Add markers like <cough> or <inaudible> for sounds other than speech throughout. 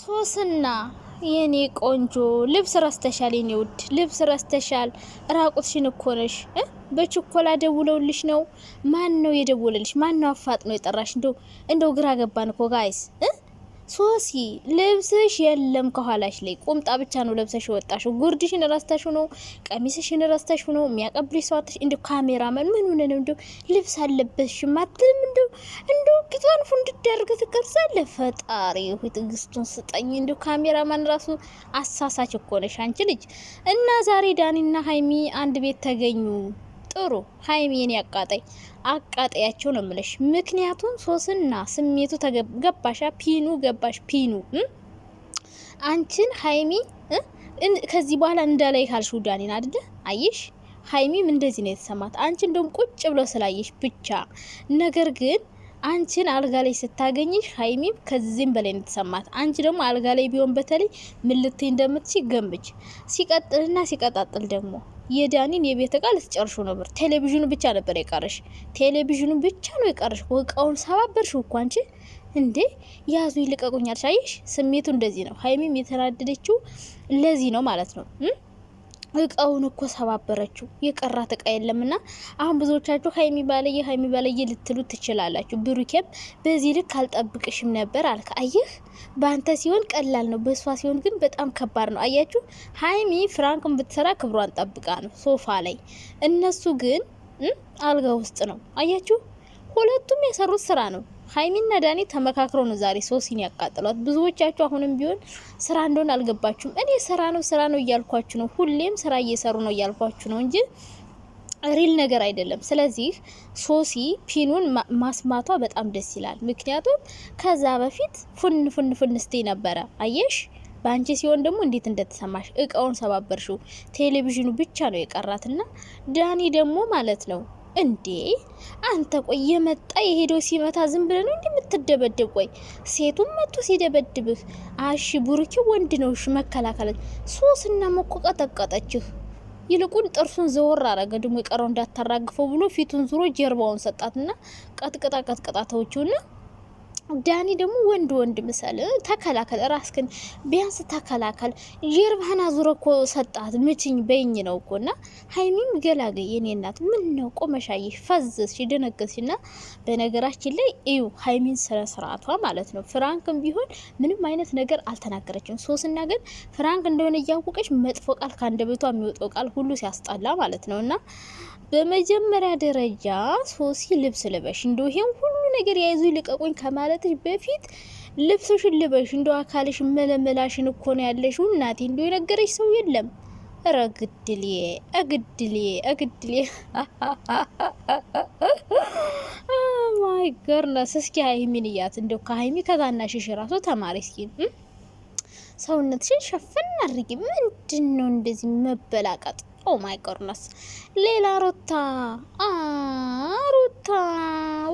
ሶስና የኔ ቆንጆ ልብስ ረስተሻል፣ የኔ ውድ ልብስ ረስተሻል። ራቁትሽን እኮ ነሽ። በችኮላ ደውለውልሽ ነው? ማን ነው የደወለልሽ? ማን ነው ነው የጠራሽ? እንደው እንደው ግራ ገባን እኮ ጋይስ ሶሲ ልብስሽ የለም ከኋላሽ ላይ ቁምጣ ብቻ ነው ለብሰሽ ወጣሽ። ጉርድሽን ረስተሽ ነው፣ ቀሚስሽን ረስተሽ ነው። የሚያቀብልሽ ሰው እንዲ ካሜራማን ምን ሆነ ነው? እንዲ ልብስ አለበሽ ማትልም እንዲ እንዲ ቂጧን ፉንድዳርግ ትቀርጻለ። ፈጣሪ ሆይ ትዕግስቱን ስጠኝ። እንዲ ካሜራማን ራሱ አሳሳች እኮ ነሽ አንቺ ልጅ። እና ዛሬ ዳኒና ሀይሚ አንድ ቤት ተገኙ። ጥሩ ሀይሚን ያቃጠይ አቃጠያቸው ነው ምለሽ። ምክንያቱም ሶስና ስሜቱ ገባሻ? ፒኑ ገባሽ? ፒኑ አንቺን ሀይሚ ከዚህ በኋላ እንዳላይ ካልሽ ውዳኔን አድደ አይሽ ሀይሚም እንደዚህ ነው የተሰማት። አንቺ እንደውም ቁጭ ብሎ ስላየሽ ብቻ ነገር ግን አንቺን አልጋ ላይ ስታገኝሽ ሀይሚም ከዚህም በላይ ነው የተሰማት። አንቺ ደግሞ አልጋ ላይ ቢሆን በተለይ ምልቴ እንደምትሽ ገንብች ሲቀጥልና ሲቀጣጥል ደግሞ የዳኒን የቤት እቃ ልትጨርሹ ነበር። ቴሌቪዥኑ ብቻ ነበር የቀረሽ። ቴሌቪዥኑ ብቻ ነው የቀረሽ። እቃውን ሰባበርሽ እኮ አንቺ። እንዴ ያዙ ይልቀቁኛል። አየሽ፣ ስሜቱ እንደዚህ ነው። ሀይሚም የተናደደችው ለዚህ ነው ማለት ነው። እቃውን እኮ ሰባበረችው። የቀራት እቃ የለም። እና አሁን ብዙዎቻችሁ ሀይሚ ባለየ ሀይሚ ባለየ ልትሉ ትችላላችሁ። ብሩኬም በዚህ ልክ አልጠብቅሽም ነበር አልክ። አየህ፣ በአንተ ሲሆን ቀላል ነው፣ በእሷ ሲሆን ግን በጣም ከባድ ነው። አያችሁ፣ ሀይሚ ፍራንክን ብትሰራ ክብሯን ጠብቃ ነው፣ ሶፋ ላይ። እነሱ ግን አልጋ ውስጥ ነው። አያችሁ፣ ሁለቱም የሰሩት ስራ ነው። ሀይሚና ዳኒ ተመካክረው ነው ዛሬ ሶሲን ያቃጥሏት። ብዙዎቻችሁ አሁንም ቢሆን ስራ እንደሆነ አልገባችሁም። እኔ ስራ ነው ስራ ነው እያልኳችሁ ነው፣ ሁሌም ስራ እየሰሩ ነው እያልኳችሁ ነው እንጂ ሪል ነገር አይደለም። ስለዚህ ሶሲ ፒኑን ማስማቷ በጣም ደስ ይላል። ምክንያቱም ከዛ በፊት ፉን ፉን ፉን ስቴ ነበረ አየሽ በአንቺ ሲሆን ደግሞ እንዴት እንደተሰማሽ እቃውን ሰባበርሽው። ቴሌቪዥኑ ብቻ ነው የቀራትና ዳኒ ደግሞ ማለት ነው እንዴ አንተ ቆይ የመጣ የሄደው ሲመታ ዝም ብለህ ነው እንደምትደበደብ? ቆይ ሴቱን መጥቶ ሲደበድብህ አሺ ቡርኪ ወንድ ነው እሺ፣ መከላከል ሶስና መቆ ቀጠቀጠችህ። ይልቁን ጥርሱን ዘወር አረገ። ደግሞ የቀረው እንዳታራግፈው ብሎ ፊቱን ዙሮ ጀርባውን ሰጣትና ቀጥቅጣ ቀጥቅጣ ተወችውና ዳኒ ደግሞ ወንድ ወንድ ምሰል ተከላከል፣ ራስክን ቢያንስ ተከላከል። ጀርባህን አዙረ እኮ ሰጣት ምችኝ በይኝ ነው እኮ እና ሀይሚም ገላገይ የኔ እናት ምን ነው ቆመሻይ ፈዘዝሽ ደነገዝሽ። እና በነገራችን ላይ እዩ ሀይሚን ስነ ስርዓቷ ማለት ነው። ፍራንክም ቢሆን ምንም አይነት ነገር አልተናገረችም። ሶስና ግን ፍራንክ እንደሆነ እያወቀች መጥፎ ቃል ከአንደበቷ የሚወጣው ቃል ሁሉ ሲያስጠላ ማለት ነው እና በመጀመሪያ ደረጃ ሶሲ ልብስ ልበሽ እንደ ይሄን ሁሉ ነገር የያዙ ይልቀቁኝ ከማለትሽ በፊት ልብስሽን ልበሽ። እንደው አካልሽ መለመላሽን እኮ ነው ያለሽው እናቴ። እንደው የነገረሽ ሰው የለም። ኧረ ግድሌ እግድልዬ እግድሌ ማይ ገርነስ። እስኪ ሀይሚን እያት። እንደው ከሀይሚ ከታናሽሽ ራሱ ተማሪ እስኪ ሰውነትሽን ሸፈን አድርጊ። ምንድን ነው እንደዚህ መበላቀጥ? ኦ ማይ ጎድነስ! ሌላ ሩታ ሩታ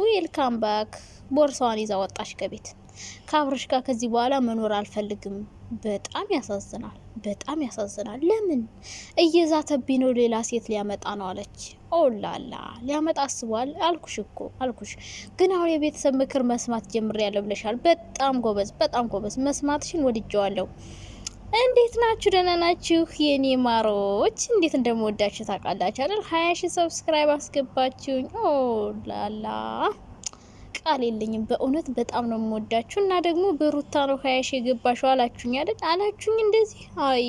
ዌልካም ባክ። ቦርሳዋን ይዛ ወጣች ከቤት ከአብርሽ ጋር ከዚህ በኋላ መኖር አልፈልግም። በጣም ያሳዝናል፣ በጣም ያሳዝናል። ለምን እየዛተብኝ ነው? ሌላ ሴት ሊያመጣ ነው አለች። ኦላላ ሊያመጣ አስቧል። አልኩሽ እኮ አልኩሽ። ግን አሁን የቤተሰብ ምክር መስማት ጀምሬያለሁ ብለሻል። በጣም ጎበዝ፣ በጣም ጎበዝ። መስማትሽን ወድጀዋለሁ። እንዴት ናችሁ? ደህና ናችሁ? የኔ ማሮች እንዴት እንደምወዳችሁ ታውቃላችሁ አይደል? ሀያ ሺህ ሰብስክራይብ አስገባችሁኝ። ኦ ላላ ቃል የለኝም። በእውነት በጣም ነው የምወዳችሁ። እና ደግሞ በሩታ ነው ሀያ ሺህ የገባችሁ አላችሁኝ አይደል? አላችሁኝ እንደዚህ አይ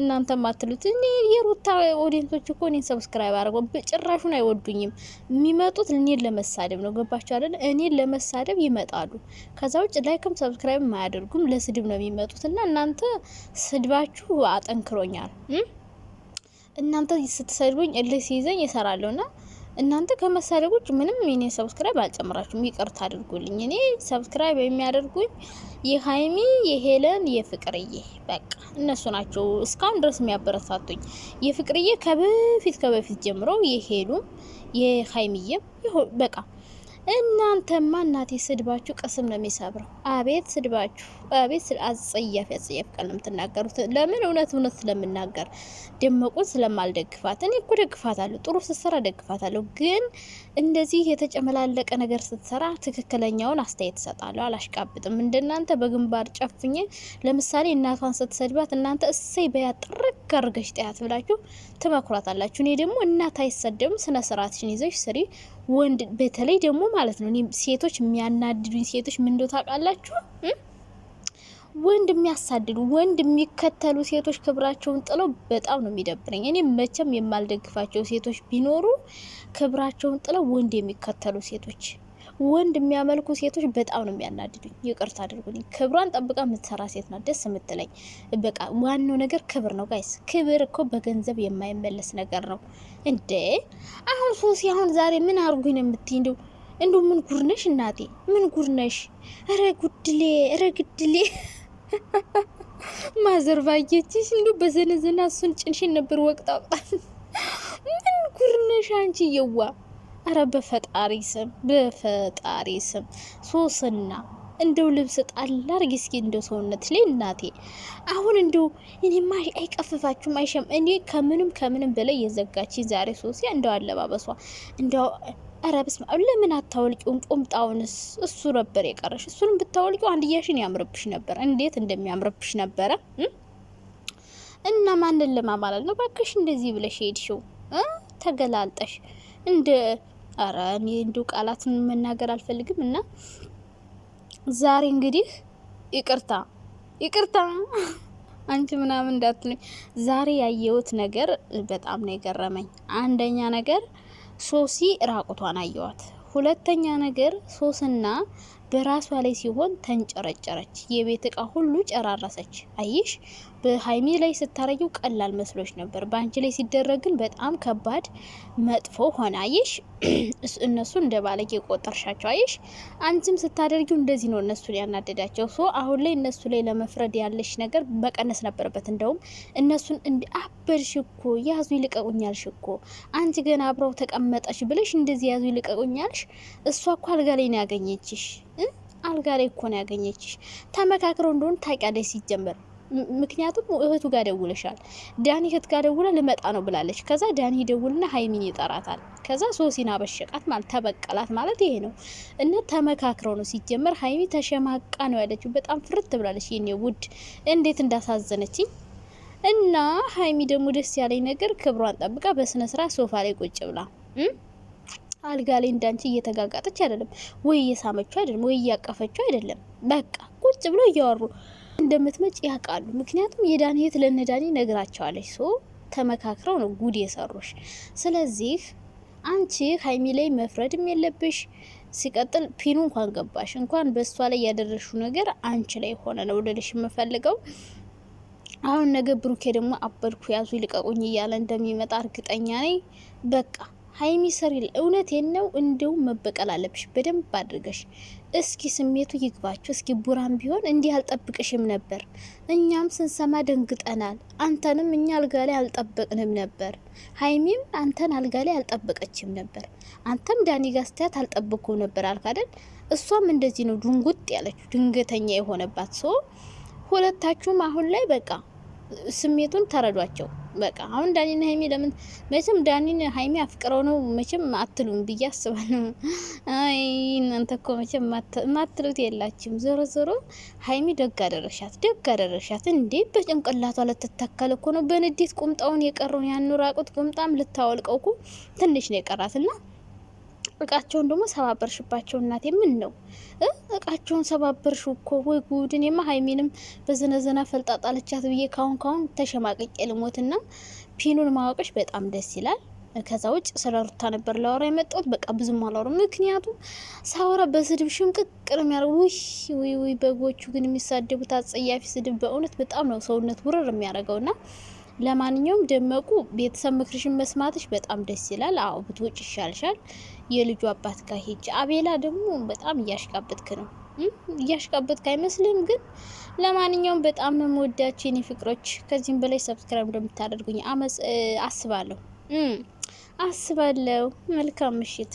እናንተ ማትሉት እኔ የሩታ ኦዲየንሶች እኮ እኔን ሰብስክራይብ አድርገው ጭራሹን አይወዱኝም። የሚመጡት እኔን ለመሳደብ ነው። ገባችሁ አይደል? እኔን ለመሳደብ ይመጣሉ። ከዛ ውጭ ላይክም ሰብስክራይብ አያደርጉም። ለስድብ ነው የሚመጡት። እና እናንተ ስድባችሁ አጠንክሮኛል። እናንተ ስትሰድቡኝ እልህ ሲይዘኝ ይሰራለሁ ና እናንተ ከመሳደቦች ምንም እኔ ሰብስክራይብ አልጨምራችሁም፣ ይቅርታ አድርጉልኝ። እኔ ሰብስክራይብ የሚያደርጉኝ የሀይሚ የሄለን የፍቅርዬ በቃ እነሱ ናቸው እስካሁን ድረስ የሚያበረታቱኝ። የፍቅርዬ ከበፊት ከበፊት ጀምሮ የሄሉም የሀይሚዬም በቃ እናንተማ እናቴ ስድባችሁ ቅስም ነው የሚሰብረው። አቤት ስድባችሁ በቤት አጸያፊ አጸያፊ ቃል ነው የምትናገሩት። ለምን? እውነት እውነት ስለምናገር ደመቁን ስለማልደግፋት። እኔ እኮ ደግፋታለሁ፣ ጥሩ ስትሰራ ደግፋታለሁ። ግን እንደዚህ የተጨመላለቀ ነገር ስትሰራ ትክክለኛውን አስተያየት እሰጣለሁ፣ አላሽቃብጥም። እንደናንተ በግንባር ጨፍኜ ለምሳሌ እናቷን ስትሰድባት እናንተ እሰይ በያጥረግ አድርገሽ ጤያት ብላችሁ ትመክሯታላችሁ። እኔ ደግሞ እናት አይሰደብም፣ ስነ ስርዓትሽን ይዘሽ ስሪ። ወንድ በተለይ ደግሞ ማለት ነው ሴቶች የሚያናድዱኝ ሴቶች ምን ታውቃላችሁ ወንድ የሚያሳድዱ ወንድ የሚከተሉ ሴቶች ክብራቸውን ጥለው በጣም ነው የሚደብረኝ። እኔ መቼም የማልደግፋቸው ሴቶች ቢኖሩ ክብራቸውን ጥለው ወንድ የሚከተሉ ሴቶች፣ ወንድ የሚያመልኩ ሴቶች በጣም ነው የሚያናድዱኝ። ይቅርታ አድርጉልኝ። ክብሯን ጠብቃ የምትሰራ ሴት ናት ደስ የምትለኝ። በቃ ዋናው ነገር ክብር ነው ጋይስ። ክብር እኮ በገንዘብ የማይመለስ ነገር ነው እንዴ! አሁን ሶሲ አሁን ዛሬ ምን አርጉኝ ነው የምትይ? እንዲሁ ምን ጉርነሽ እናቴ፣ ምን ጉርነሽ! ረ ጉድሌ፣ ረ ግድሌ ማዘር ባየችሽ እንዱ በዘነዘና እሱን ጭንሽን ነበር ወቅጣ ወቅጣ። ምን ጉርነሽ አንቺ የዋ! አረ በፈጣሪ ስም በፈጣሪ ስም ሶስና እንደው ልብስ ጣል አድርጊ እስኪ እንደው ሰውነት ላይ እናቴ፣ አሁን እንደው እኔማ አይቀፍፋችሁም አይሸም። እኔ ከምንም ከምንም በላይ የዘጋች ዛሬ ሶሲ እንደው አለባበሷ እንደው ኧረ በስመ አብ ለምን አታወልቂውም? ቁምጣውንስ እሱ ነበር የቀረሽ። እሱንም ብታወልቂው አንድያሽን ያምርብሽ ነበር። እንዴት እንደሚያምርብሽ ነበረ እና ማንን ለማማለል ነው ባክሽ እንደዚህ ብለሽ ሄድሽው? ተገላልጠሽ እንደ ኧረ እኔ እንዲሁ ቃላትን መናገር አልፈልግም። እና ዛሬ እንግዲህ ይቅርታ ይቅርታ <laughs> አንቺ ምናምን እንዳትሉኝ። ዛሬ ያየሁት ነገር በጣም ነው የገረመኝ። አንደኛ ነገር ሶሲ ራቁቷን አየዋት። ሁለተኛ ነገር ሶስና በራሷ ላይ ሲሆን ተንጨረጨረች። የቤት እቃ ሁሉ ጨራረሰች። አይሽ በሀይሚ ላይ ስታረጊው ቀላል መስሎች ነበር። በአንቺ ላይ ሲደረግ ግን በጣም ከባድ መጥፎ ሆነ። አይሽ እነሱ እንደ ባለጌ ቆጠርሻቸው። አይሽ አንቺም ስታደርጊው እንደዚህ ነው እነሱን ያናደዳቸው። ሶ አሁን ላይ እነሱ ላይ ለመፍረድ ያለሽ ነገር መቀነስ ነበረበት። እንደውም እነሱን እንዲ አበድሽ እኮ ያዙ ይልቀቁኛልሽ እኮ አንቺ ገና አብረው ተቀመጠሽ ብለሽ እንደዚህ ያዙ ይልቀቁኛልሽ። እሷ እኮ አልጋ ላይ ነው ያገኘችሽ አልጋ ላይ እኮ ነው ያገኘችሽ። ተመካክረው እንደሆነ ታውቂያለሽ ሲጀመር ምክንያቱም እህቱ ጋር ደውለሻል፣ ዳኒ እህት ጋር ደውለ ልመጣ ነው ብላለች። ከዛ ዳኒ ደውልና ሀይሚን ይጠራታል። ከዛ ሶሲን አበሸቃት ማለት ተበቀላት ማለት ይሄ ነው። እነ ተመካክረው ነው ሲጀመር። ሀይሚ ተሸማቃ ነው ያለችው። በጣም ፍርት ብላለች። የኔ ውድ እንዴት እንዳሳዘነችኝ እና ሀይሚ ደግሞ ደስ ያለኝ ነገር ክብሯን ጠብቃ በስነ ስርዓት ሶፋ ላይ ቁጭ ብላ አልጋ ላይ እንዳንቺ እየተጋጋጠች አይደለም ወይ እየሳመችው አይደለም ወይ እያቀፈችው አይደለም። በቃ ቁጭ ብሎ እያወሩ እንደምትመጭ ያውቃሉ። ምክንያቱም የዳኒ እህት ለነዳኒ ነግራቸዋለች። ሶ ተመካክረው ነው ጉድ የሰሩሽ። ስለዚህ አንቺ ሀይሚ ላይ መፍረድም የለብሽ። ሲቀጥል ፒኑ እንኳን ገባሽ እንኳን በእሷ ላይ ያደረሽው ነገር አንቺ ላይ ሆነ ነው ልልሽ የምፈልገው። አሁን ነገ ብሩኬ ደግሞ አበድኩ ያዙ ይልቀቁኝ እያለ እንደሚመጣ እርግጠኛ ነኝ። በቃ ሀይሚ ሰሪል እውነቴን ነው። እንደውም መበቀል አለብሽ በደንብ አድርገሽ። እስኪ ስሜቱ ይግባችሁ። እስኪ ቡራም ቢሆን እንዲህ አልጠብቅሽም ነበር። እኛም ስንሰማ ደንግጠናል። አንተንም እኛ አልጋ ላይ አልጠበቅንም ነበር። ሀይሚም አንተን አልጋ ላይ አልጠበቀችም ነበር። አንተም ዳኒ ጋ ስታያት ነበር አልካደን። እሷም እንደዚህ ነው ድንጉጥ ያለችው ድንገተኛ የሆነባት ሰው። ሁለታችሁም አሁን ላይ በቃ ስሜቱን ተረዷቸው። በቃ አሁን ዳኒና ሀይሚ ለምን መቼም ዳኒን ሀይሚ አፍቅረው ነው መቼም አትሉም ብዬ አስባለሁ። አይ እናንተ እኮ መቼም ማትሉት የላችሁም። ዞሮ ዞሮ ሀይሚ ደግ አደረሻት፣ ደግ አደረሻት እንዴ! በጭንቅላቷ ልትተከል እኮ ነው በንዴት ቁምጣውን የቀረውን ያኑ ራቁት ቁምጣም ልታወልቀው እኮ ትንሽ ነው የቀራትና እቃቸውን ደግሞ ሰባበርሽባቸው እናቴ። ምን ነው እቃቸውን ሰባበርሽ እኮ ወይ ጉድ! እኔማ ሀይሜንም በዘነዘና ፈልጣጣለቻት ብዬ ካሁን ካሁን ተሸማቅቄ ልሞትና ፒኑን ማወቅሽ በጣም ደስ ይላል። ከዛ ውጭ ስለ ሩታ ነበር ላወራ የመጣሁት። በቃ ብዙም አላወራም፣ ምክንያቱም ሳወራ በስድብ ሽምቅቅር ነው የሚያደርጉ። ውይ ውይ፣ በጎቹ ግን የሚሳደቡት አጸያፊ ስድብ በእውነት በጣም ነው ሰውነት ውርር ና ለማንኛውም ደመቁ ቤተሰብ ምክርሽን መስማትሽ በጣም ደስ ይላል። አዎ ብትወጪ ይሻልሻል። የልጁ አባት ጋር ሄጅ። አቤላ ደግሞ በጣም እያሽቃበጥክ ነው። እያሽቃበጥክ አይመስልም? ግን ለማንኛውም በጣም ነው የምወዳቸው የኔ ፍቅሮች። ከዚህም በላይ ሰብስክራይብ እንደምታደርጉኝ አስባለሁ አስባለሁ። መልካም ምሽት